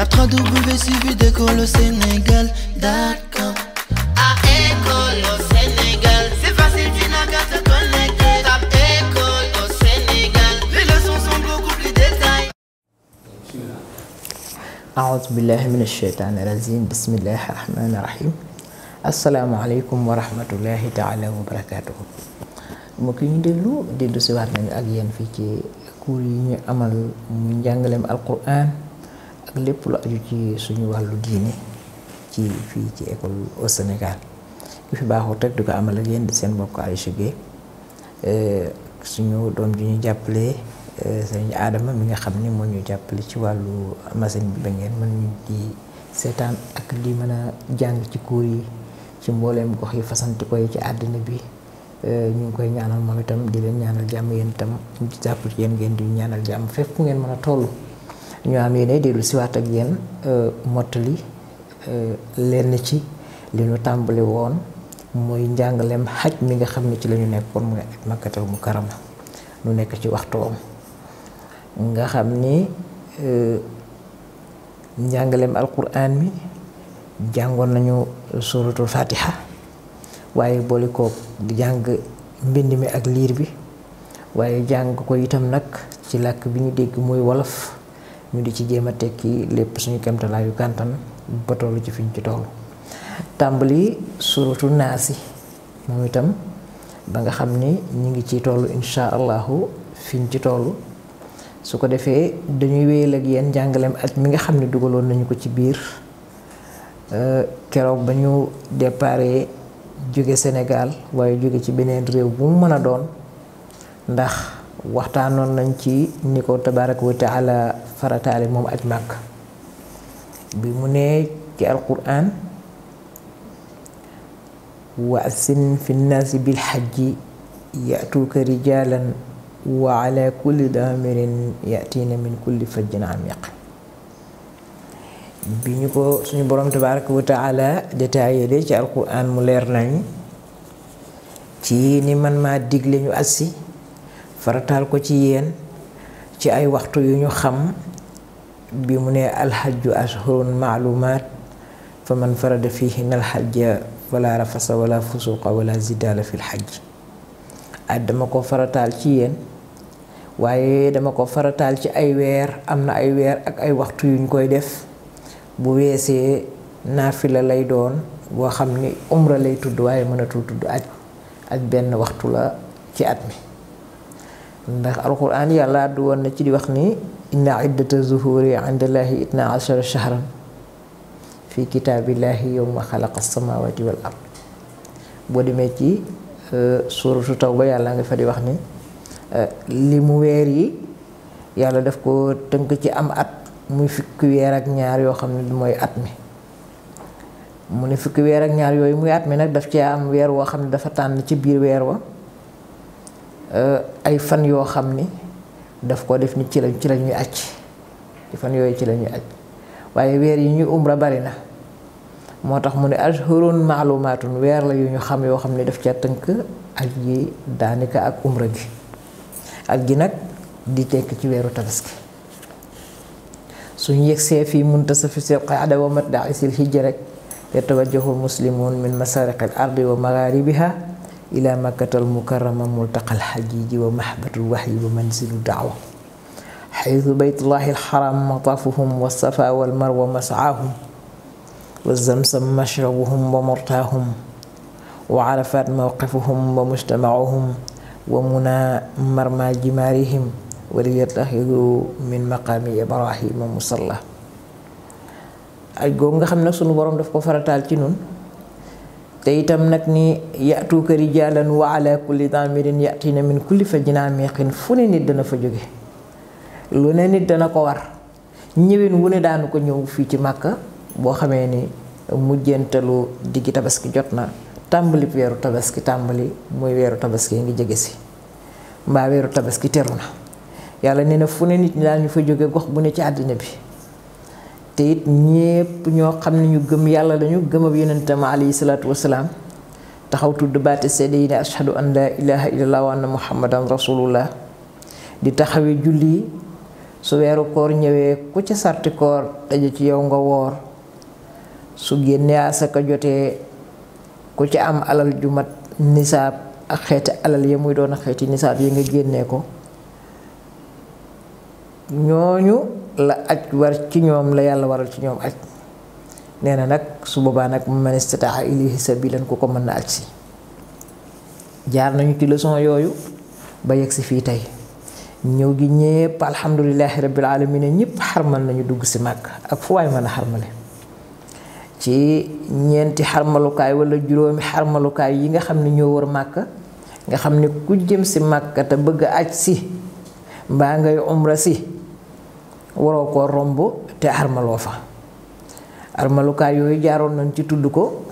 Tape 3 W suivi de Colo Sénégal. D'accord. À école au Sénégal. C'est facile, tu n'as qu'à te connecter. Tape école au Sénégal. Les leçons sont beaucoup plus détaillées. أعوذ بالله من الشيطان الرجيم بسم الله الرحمن الرحيم assalaamu aleykum wa rahmatullahi taala wa barakaatuhu mbokk yi ñu déglu dellu si waat nañu ak yéen fii ci cours yi ñu amal mu njàngaleem alquran ak lépp lu aju ci suñu walu diine ci fi ci école au Sénégal ki fi baaxul rek di ko amal ak yéen di seen mbokk Aïcha Gueye eh, suñu doom ji ñu jàppale eh, sëriñ Adama mi nga xam ne moo ñu jàppale ci wàllu machine bi ba ngeen mën ñu di seetaan ak di mën a jàng ci cours yi ci mbooleem gox yi fasanti koy ci àddina bi ñu eh, ngi koy ñaanal moom itam di leen ñaanal jàmm yéen itam ñu jàpp ci yéen ngeen di ñaanal jàmm fépp fu ngeen mën a toll ñu am yéene dellu siwaat ak yéen euh, mottali euh, lenn ci li ñu tàmbali woon mooy njàngaleem xaj mi nga xam ne ci la ñu nekkoon muy makkatal mu karama nu nekk ci waxtoom nga xam ni euh, njàngaleem alquran mi jàngoon nañu suratul fatiha waaye boole ko jàng mbind mi ak liir bi waaye jàng ko itam nag ci làkk bi ñu dégg muy wolof ñu di ci jema tekki lepp suñu kemtalaayu gantan ba toll ci fiñ ci toll tambali suratu naasi moom itam ba nga xamni ñi ngi ci insha allahu fiñ ci toll su ko defé dañuy wéyal ak yeen jangalem at mi nga xamni dugaloon nañu ko ci biir keroog ba ñu déparé Sénégal ndax waxtaanoon nañ ci ni ko tabaaraka wa moom aj màkk bi mu ne ci alquran wa asin fi nnaasi bil xajji yatuuka rijaalan wa ala kulli daamirin yatiina min kulli fajjin amiq bi ñu ko suñu boroom tabaaraka wa taala détaillé ci alquran mu leer nañ ci ni man maa digle ñu assi farataal ko ci yéen ci ay waxtu yu ñu xam bi mu ne alxaju ashurun maalumaat fa man farada fiihinna alxajja wala rafasa wala fusuqa wala zidaala fi lxajj at dama ko farataal ci waaye dama ko farataal ci ay weer am na ay weer ak ay waxtu yuñ koy def bu weesee naafila lay doon boo xam ni umra lay tudd waaye mënatul tudd aj ak benn waxtu la ci at mi ndax alquran yàlla du woon na ci di wax ni inna iddata zuhuri indallahi itna ashara shahran fi kitaabillahi yowma xalaqa samawati wal ard boo demee ci euh, taw ba yàlla ngi fa di wax ni euh, li mu weer yi yàlla daf ko tënk ci am at muy fukki weer ak ñaar yoo xam ne mooy at mi mu ne weer ak ñaar yooyu muy at mi nag daf cee am weer woo xam ne dafa tànn ci biir weer wa Euh, ay fan yoo xam ni daf ko def ni ci lañ ci la ñuy acc ci fan yooyu ci la ñuy acc waaye weer yi ñuy umra bari na moo tax mu ne ashurun maalumaatun weer la yu ñu xam yoo xam ne daf ca tënk ak yi daanaka ak umra gi ak gi nag di tekk ci weeru tabaski suñ yegsee fii muntasafi sil qaada wa matdaa isil hijja rek yatawajjahul muslimun min masariqil ardi wa magharibiha ila makkatal mukarrama multaqal xajiiji wa mahbatul waxyi wa manzilu daawa xaytu baytullahi alxaram matafuhum wa safa wal marwa masaahum wa zamsam mashrabuhum wa murtaahum wa arafat mawqifuhum wa mujtamacuhum wa muna marma jimaarihim waliyattaxidu min maqaami ibrahima musalla aj googu nga xam ne sunu boroom daf ko farataal ci nun te itam nag ni yatuuka rijaalan wa ala kulli damirin yatina min kulli fajjin amiqin fu ne nit dana fa jóge lu ne nit dana ko war ñëwin wu ne daanu ko ñëw fii ci màkka boo xamee ni mujjentalu diggi tabaski jot na tàmbali weeru tabaski tàmbali muy weeru tabaski ngi jege si mbaa weeru tabaski teru na yàlla nee na fu ne nit ñi ñu fa jóge gox bu ne ci àddina bi te it ñépp ñoo xam ñu gëm yalla dañu gëm ab yonentam alayhi salaatu wassalam taxaw tudd baate sayyidina ashhadu an la ilaha illallah wa anna muhammadan rasulullah di taxawé julli su wéru koor ñëwee ku ci sarti koor daje ci yow nga wor su génnee asaka joté ku ci am alal ju mat nisab ak xeeti alal ya muy doon xeeti nisab yi nga génnee ko ñoñu la aj war ci ñoom la yalla waral ci ñoom aj neena nak su boba nak man istataa ilayhi sabilan ko ko man na aj si jaar nañu ci leçon yoyu ba yegg si fii tey ñëw gi ñepp alhamdullilah rabbil alamin ñepp xarmal nañu dugg ci mak ak fu way man harmalé ci ñenti harmalu kay wala harmalu kay yi nga xamni ñoo wër mak nga xamni ku jëm ci ta bëgg aj ngay umra si waroo ko romb te armaloo fa armalukaay yooyu jaaroon nañ ci tudd ko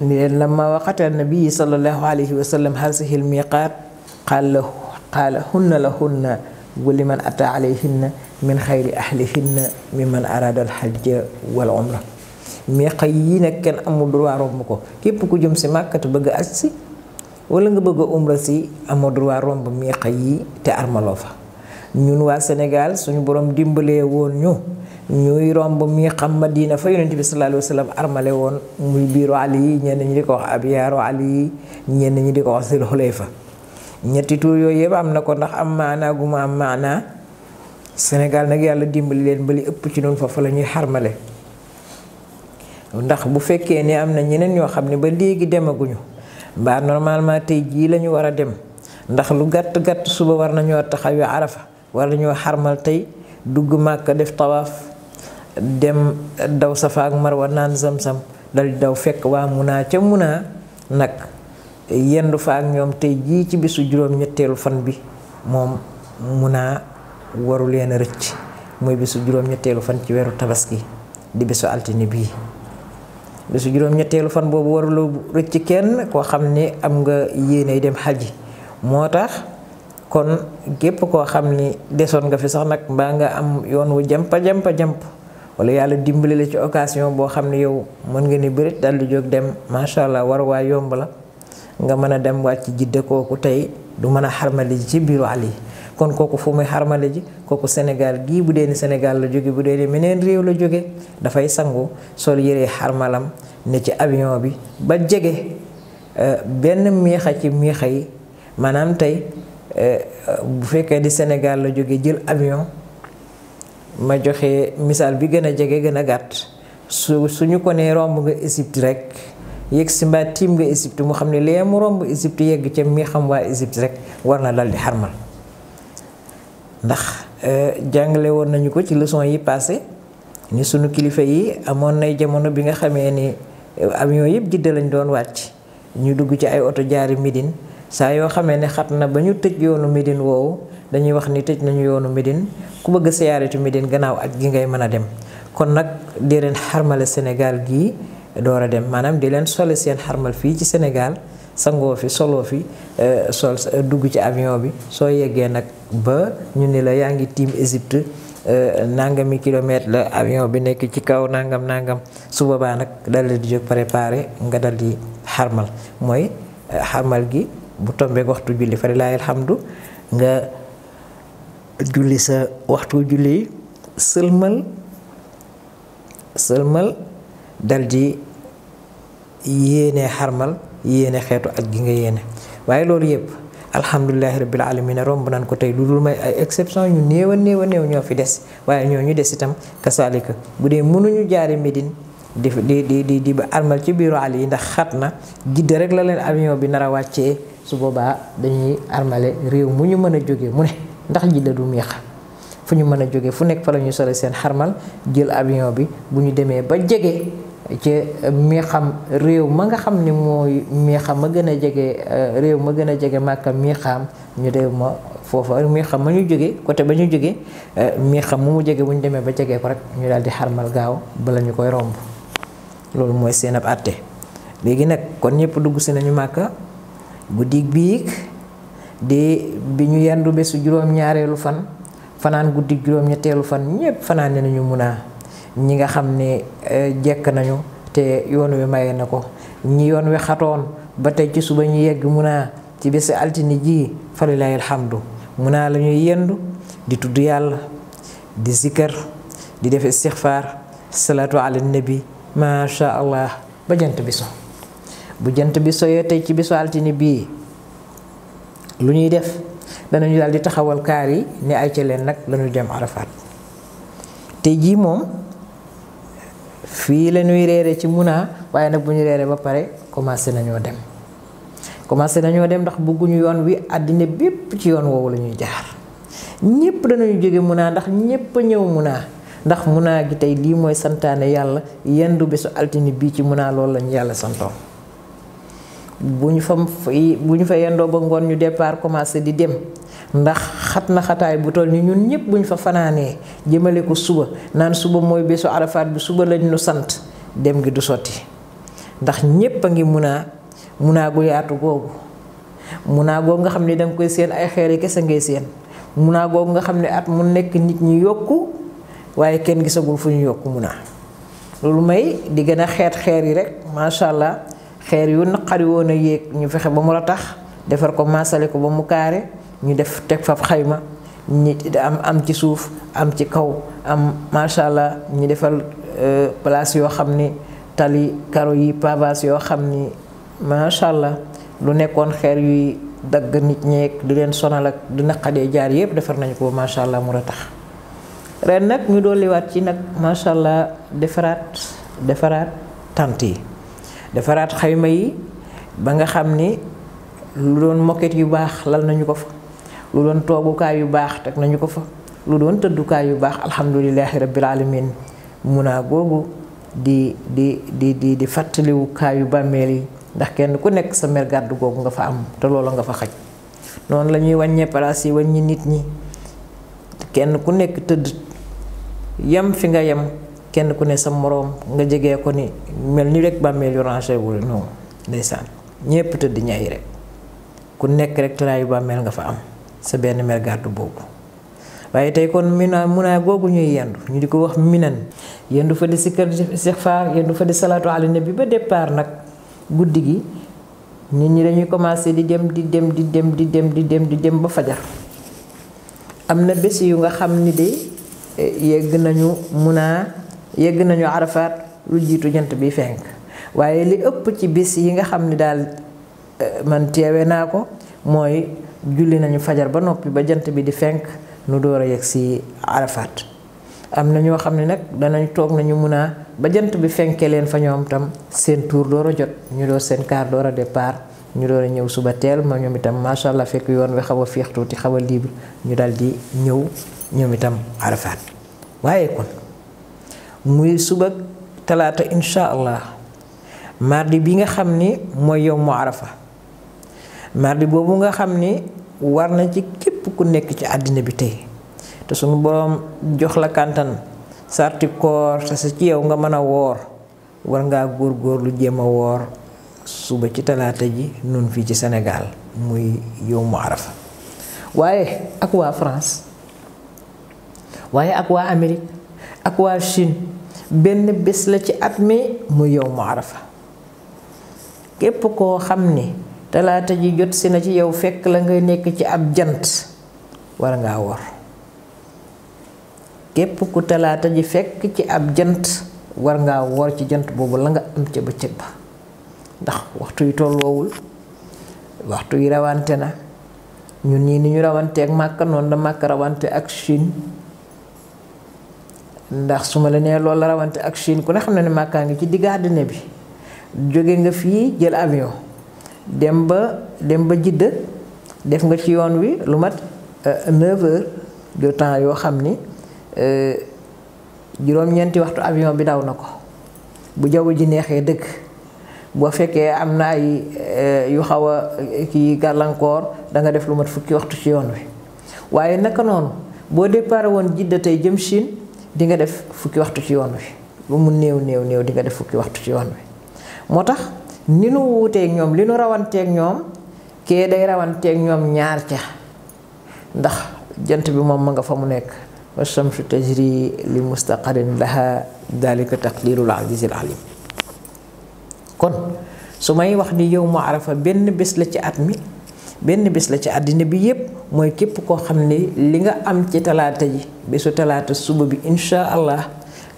ni leen lama waxata nabii sallallahu alayhi wa sallam haasihi l miqaat qaala qaala hunna la hunna wa liman ata alayhinna min xayri ahlihinna mimman arada al hajja wal umra miqa yii nag kenn amul droit romb ko képp ku jëm si màkkate bëgg aj si wala nga bëgg umra si amoo droit romb miqa yii te armaloo fa ñun wa sénégal suñu borom dimbalé won ñu ñuy romb mi xam madina fa yunus bi sallallahu alayhi wasallam armalé won muy biiru ali ñen ñi di ko wax abiyaru ali ñen ñi di ko wax sil xulayfa ñetti tour yooyu yëpp am ko ndax am maanaa guma ma am maanaa sénégal nak yalla dimbali len bali ëpp ci ndax bu fekke ni amna ñeneen ño xamni ba légui demaguñu ba normalement tay ji lañu wara dem ndax lu gatt gatt suba war nañu taxaw yu arafa wala ñoo xarmal tey dugg màkka def tawaaf dem daw safa ak marwa naan sam-sam dal di daw fekk waa munaa ca munaa nag yenn fa ak ñoom tey jii ci bisu juróom ñetteelu fan bi moom munaa waru leen a rëcc mooy bisu juróom ñetteelu fan ci weeru tabaski di bisu altine bii bisu juróom ñetteelu fan boobu waruloo rëcc kenn koo xam ne am nga yéeney dem xaji moo tax kon gépp koo xam ni desoon nga fi sax nag mbaa nga am yoon wu jampa jampa jamp wala yàlla dimbali la ci occasion boo xam ne yow mën nga ni bërit daal di jóg dem macha allah war waa yomb la nga mën a dem wàcc jidde kooku tey du mën a xarmali ji ci biiru àll kon kooku fu muy xarmale ji kooku Sénégal gii bu dee ni Sénégal la jóge bu dee ni meneen réew la jóge dafay sangu sol yére xarmalam ne ci avion bi ba jege euh, benn miixa ci miixa yi maanaam tey Eh, bu fekkee di Sénégal la jóge jël avion ma joxe misaal bi gën a jege gën a gàtt su suñu ñu ko nee romb nga Égypte rek yegg si mbaa tiim nga Égypte mu xam ne lee mu romb Égypte yegg ca mi xam waa Égypte rek war na dal di xarmal ndax eh, jàngale woon nañu ko ci leçon yi passé ni sunu kilifa yi amoon nay jamono bi nga xamee ni eh, avion yëpp jidda lañ doon wàcc ñu dugg ci ay oto jaari Médine sa yo xamé né xatna bañu tejj yoonu medine woowu dañuy wax ni tejj nañu yoonu medine ku bëgg siyaaratu medine gënaaw ak gi ngay mëna dem kon nak di len harmal Sénégal gi doora dem Manam di len solé sen harmal fi ci Sénégal sango fi solo fi eh, sol eh, dugg ci avion bi so yeggé nak ba ñu ni la yaa ngi tiim Égypte eh, nangami kilomètre la avion bi nekk ci kaw nangam nangam su baba nak dal di jóg préparer nga dal di harmal moy harmal gi bu tombe waxtu julli fa lillahi alhamdu nga julli sa waxtu julli selmal selmal daldi yene harmal yene xetu ak gi nga yene waye loolu yeb alhamdulilahi rabbil alamin romb nan ko tay lu may ay exception ñu néew a neew a ñoo fi dess waye ñoo ñu dess itam kasaalika bu mënu ñu jaari Médine di di di di ba armal ci biiru ali ndax xatna gidde rek la len avion bi nara wacce su boobaa dañuy armale réew mu ñu mën a jóge mu ne ndax ji la du miix fu ñu mën a jóge fu nekk fa la ñuy sole seen xarmal jël avion bi bu ñu demee ba jege ca miixam réew ma nga xam ne mooy miixam gën a jege euh, réew ma gën a jege màkka miixam ñu dem ma foofa miixam ma ñu jóge côté ba ñu jóge euh, miixam mu mu jege bu ñu demee ba jegee ko rek ñu daal di xarmal gaaw bala ñu koy romb loolu mooy seen ab àtte léegi nag kon ñëpp dugg si nañu màkka guddig bik de biñu yandu besu juroom ñaarelu ñaareelu fan fanaan guddig juroom ñettelu fan ñepp fanaan nañu mëna ñi nga xam ne eh, nañu te yoon wi maye na ko ñi yoon wi xatoon ba tay ci suba ñi yegg mëna ci besu altini ji falilahi alhamdu mëna lañu yendu di tuddu yalla di zikr, di def istighfar salatu ala nabi ma sha allah ba jant bi bu jant bi soye tay ci bisu altine bi, lu ñuy def danañu daal di taxawal kari yi ne ay ci len nak lañu dem arafat tay ji mom fi la ñuy ci muna waye nak bu ñu ba pare commencé nañu dem commencé nañu dem ndax bëgguñu yoon wi adina bépp ci yoon wo la ñuy jaar ñépp danañu jóge muna ndax ñepp ñew muna ndax muna gi tay li moy santane yalla yendu bisu altini bi ci muna lañu yalla bu ñu fa bu ñu fa yendoo ba ngoon ñu départ commencé di dem ndax xat na xataay bu toll ni ñun ñëpp bu ñu fa fanaanee jëmale ko suba naan suba mooy bésu arafaat bi suba lañ nu sant dem gi du sotti ndax ñépp a ngi munaa munaa gu yaatu googu munaa googu nga xam ni danga koy seen ay xeer yi kese ngay seen munaa googu nga xam ne at mu nekk nit ñi yokk waaye kenn gisagul fu ñu yokku munaa loolu may di gën a xeet xeer yi rek macha allah. xeer yu naqari woon a yéeg ñu fexe ba mu ratax defar ko maasale ko ba mu kaare ñu def teg fa xayma ñi am am ci suuf am ci kaw am macha allah ñu defal euh, place yoo xam ni tali karo yi pavas yoo xam ni macha allah lu nekkoon xeer yuy dagg nit ñeek di leen sonal ak di naqadee jaar yëpp defar nañu ko macha allah mu ratax ren nag ñu dolliwaat ci nag macha allah defaraat defaraat tant yi. Defarat xayma yi ba nga xamni lu doon moket yu bax lal nañu ko fa lu doon kay yu bax tak nañu ko fa lu doon kay yu bax rabbil alamin muna gogu di di di di di fàttaliwukaayu bàmmeel yi ndax kenn ku nek sa mer gaddu gogu nga fa am te lolo nga fa xaj non la ñuy place yi wàññi nit ñi kenn ku nek teud yam fi nga yam kenn ku ne sa morom nga jegee ko ni mel ni rek bamél yu wul non ndaysan ñepp tëdd ñay rek ku nekk rek tëraayu bamél nga fa am sa benn mer gattu boobu waye tay kon mina muna gogu ñuy yendu ñu diko wax minan yendu fa di sikkar istighfar yendu fa di salatu ala nabi ba départ nak guddigi nit ñi dañuy commencé di dem di dem di dem di dem di dem di dem ba fajar amna bes yu nga xamni de eh, yegg nañu muna yegg nañu arafaat lu jiitu jant bi fenk waaye li ëpp ci bis yi nga xam ni daal eh, man teewe naa ko mooy julli nañu fajar ba noppi ba jant bi di fenk nu door a yegg si arafaat am na ñoo xam ne nag danañ toog nañu mun a ba jant bi fenke leen fa ñoom tam seen tour door a jot ñu door seen kaar door a départ ñu door a ñëw suba teel ma ñoom itam macha allah fekk yoon wi xaw a tuuti xaw a libre ñu daal di ñëw ñoom itam arafaat waaye kon muy suba talata insha allah mardi bi nga xamni moy mooy yow mu arafa mardi bobu nga xamni warna ci kep ku nek ci adina bi tey te sunu borom jox la kantan sarti koor sa ci yow nga meuna wor war war Subak gor lu jema wor suba ci talata ji nun fi ci senegal muy yow mu arafa waye ak wa France waye ak wa amerique ak wa Chine benn bés la ci at mi mu yow mu arafa képp koo xam ni talaata ji jot si na ci yow fekk la ngay nekk ci ab jant war ngaa wor képp ku talaata ji fekk ci ab jant war ngaa wor ci jant boobu la nga am ca bëccëg ba ndax waxtu yu tolloowul waxtu yi rawante na ñu ñii ni ñu rawanteek màkk noonu la màkk rawante ak Chine ndax su ma la nee lool la rawante ak Chine ku ne xam na ne màkkaa ngi ci digg àddina bi jóge nga fii jël avion dem ba dem ba jidda def nga ci yoon wi lu mat 9 euh, de temps yoo xam ni euh, juróom-ñeenti waxtu avion bi daw na ko bu jaww ji neexee dëkk boo fekkee am na ay euh, yu xaw a kii gàllankoor da nga def lu mat fukki waxtu ci yoon wi waaye naka noonu boo départ woon jidda tey jëm Chine dinga def fukki waxtu ci yoon wi lu mu néew néew néew di nga def fukki waxtu ci yoon wi moo tax ni nu wuuteeg ñoom li nu rawanteeg ñoom kee day rawanteeg ñoom ñaar ca ndax jant bi moom ma nga fa mu nekk wa shamsu tajri li mustaqarin laha dalika taqdirul azizil alim kon su may wax ni yow mu arafa benn bés la ci at mi benn bés la ci àddina bi yépp mooy képp koo xam ne li nga am ci talaata yi bésu talata suba bi insha allah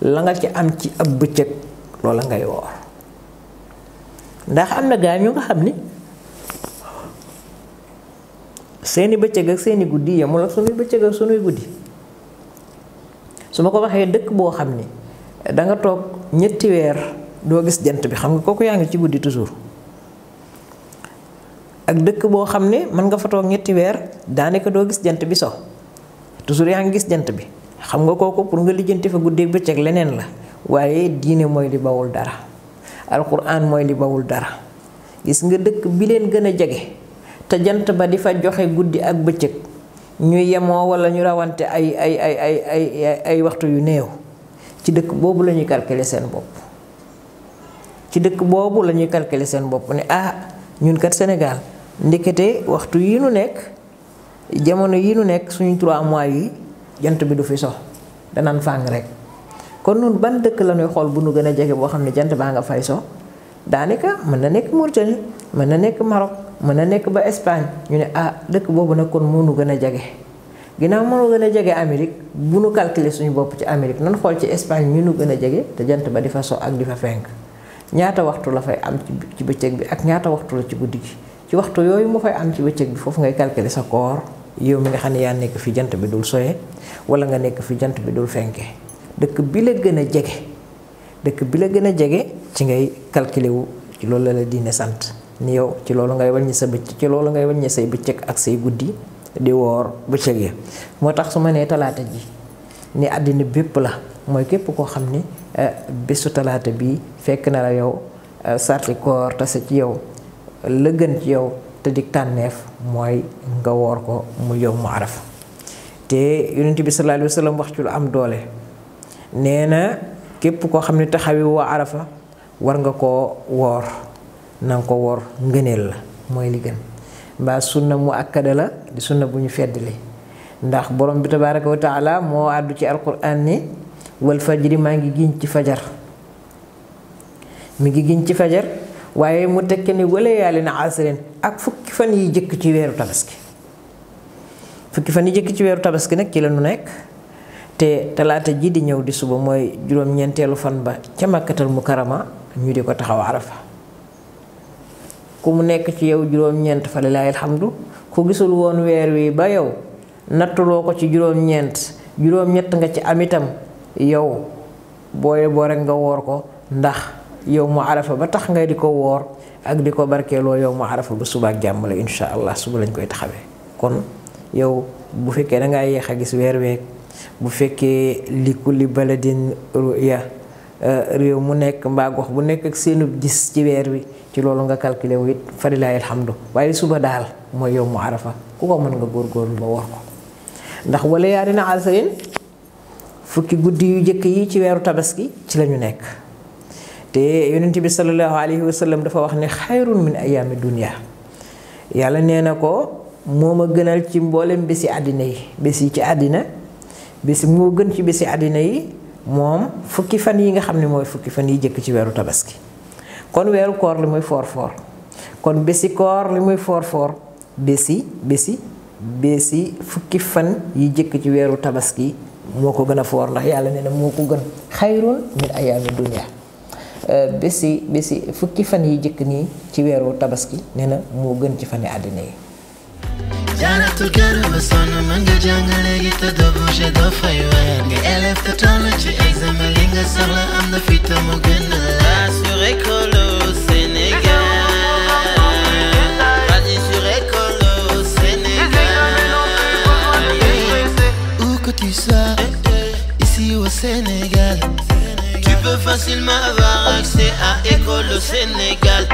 la nga ci am ci ab bëccëg lola ngay wor ndax amna gaay ñu nga xamni seeni bëccëg ak seeni guddi mu la suñu bëccëg ak suñu guddi suma ko waxe dekk bo xamni da nga tok ñetti weer do gis jant bi xam nga koku yaangi ci guddi toujours ak dekk bo xamne man nga fa tok ñetti weer daanaka do gis jant bi so toujours ya ngi jant bi xam nga kooku pour nga lijeenti fa becc ak leneen la waye diiné moy li bawul dara alquran moy li bawul dara gis nga dekk bi len gëna jégé ta jant ba di fa joxe guddi ak bëccëg ñu yemoo wala ñu rawante ay ay ay ay ay ay waxtu yu neew ci dekk bobu lañuy calculer sen bop ci dekk bobu lañuy calculer sen bop ni ah ñun kat Sénégal ndikété waxtu yi nu nek jamono yi nu nekk suñu trois mois yi jant bi du fi so danaan fàng rek kon nun ban dëkk la ñuy xool bu nu gën a jege boo xam ne jant baa nga fay sox daanaka mën na nekk Mauritanie mën na nekk Maroc mën na nekk ba Espagne ñu ne ah dëkk boobu nag kon mënu gën a jege ginnaaw mënu gën a jege Amérique bu nu calculer suñu bopp ci Amérique nan xool ci Espagne ñu nu gën a jege te jant ba di fa sox ak di fa fenk ñaata waxtu la fay am ci bëccëg bi ak ñaata waxtu la ci guddi gi ci waxtu yooyu mu fay am ci bëccëg bi foofu ngay calculer sa koor yow mi nga xane ne ya nek fi jant bi dul soye wala nga nek fi jant bi dul fenke dëkk bi la gëna jégué jege bi la gëna jégué ci ngay calculer wu ci loolu la la diine ni yow ci loolu ngay wàññi sa becc ci loolu ngay wàññi say becc ak say guddii di wor becc ak ye ya. motax suma ne talata ji ni adina bepp la moy kep ko xamni eh, besu talata bi fekk na la yow eh, sarti koor sa ci yow le gën ci yow te dig tànneef moy nga wor ko mu yow mu araf te yunus bi sallallahu alaihi wasallam wax ci lu am doole neena kep ko xamni taxawi wa arafa war nga ko wor nang ko wor ngeenel la li gën ba sunna mu akkada la di sunna buñu feddeli ndax borom bi tabaaraku wa taala mo addu ci alquran ni wal fajri maa ngi giñ ci fajar mi ngi giñ ci fajar waaye mu tekke ni wala yàlla na asrin ak fukki fan yi jëkk ci weeru tabaski fukki fan yi jëkk ci weeru tabaski nag ci la nu nekk te talaata ji di ñëw di suba mooy juróom-ñeenteelu fan ba ca màkkatal mukarama ñu di ko taxaw arafa ku mu nekk ci yow juróom-ñeent fa lilaay alhamdu ku gisul woon weer wi ba yow nattuloo ko ci juróom-ñeent juróom-ñett nga ci am itam yow booye boo rek nga woor ko ndax yow mu arafa ba tax nga di ko woor ak di ko barkeeloo yow mu arafa ba suba ak jàmm la incha allah suba lañ koy taxawee kon yow bu fekkee da ngaa yéex a gis weer week bu fekkee li kulli baladin ruya euh, réew mu nekk mbaa gox bu nekk ak seenub gis ci weer wi ci loolu nga calculé wu it falilaay alhamdu waaye suba daal mooy yow mu arafa ku ko mën nga góor ba woor ko ndax wala yaa dina fukki guddi yu njëkk yi ci weeru tabaski ci lañu nekk. te yonent bi sallallahu alayhi wa sallam dafa wax ne xayrun min ayaami dunia yàlla nee na ko moo ma gënal ci mboolem bési àddina yi bés yi ci àddina bési moo gën ci bési àddina yi moom fukki fan yi nga xam ne mooy fukki fan yi jëkk ci weeru tabaski kon weeru koor li muy foor kon bési koor li muy foor foor bési bési fukki fan yi jëkk ci weeru tabaski moo ko gën a foor ndax yàlla nee na moo ko gën xayrun min ayaami dunia Euh, bési bési fukki fan yi jëkk nii ci weeru tabaski nee moo gën ci fani àddina yi jaaratu kër ba sonn doo fay waaye nga élève te toll ci examen li nga soxla am na fi mu gën a la sur écolo Sénégal peux facilement avoir accès à école au Sénégal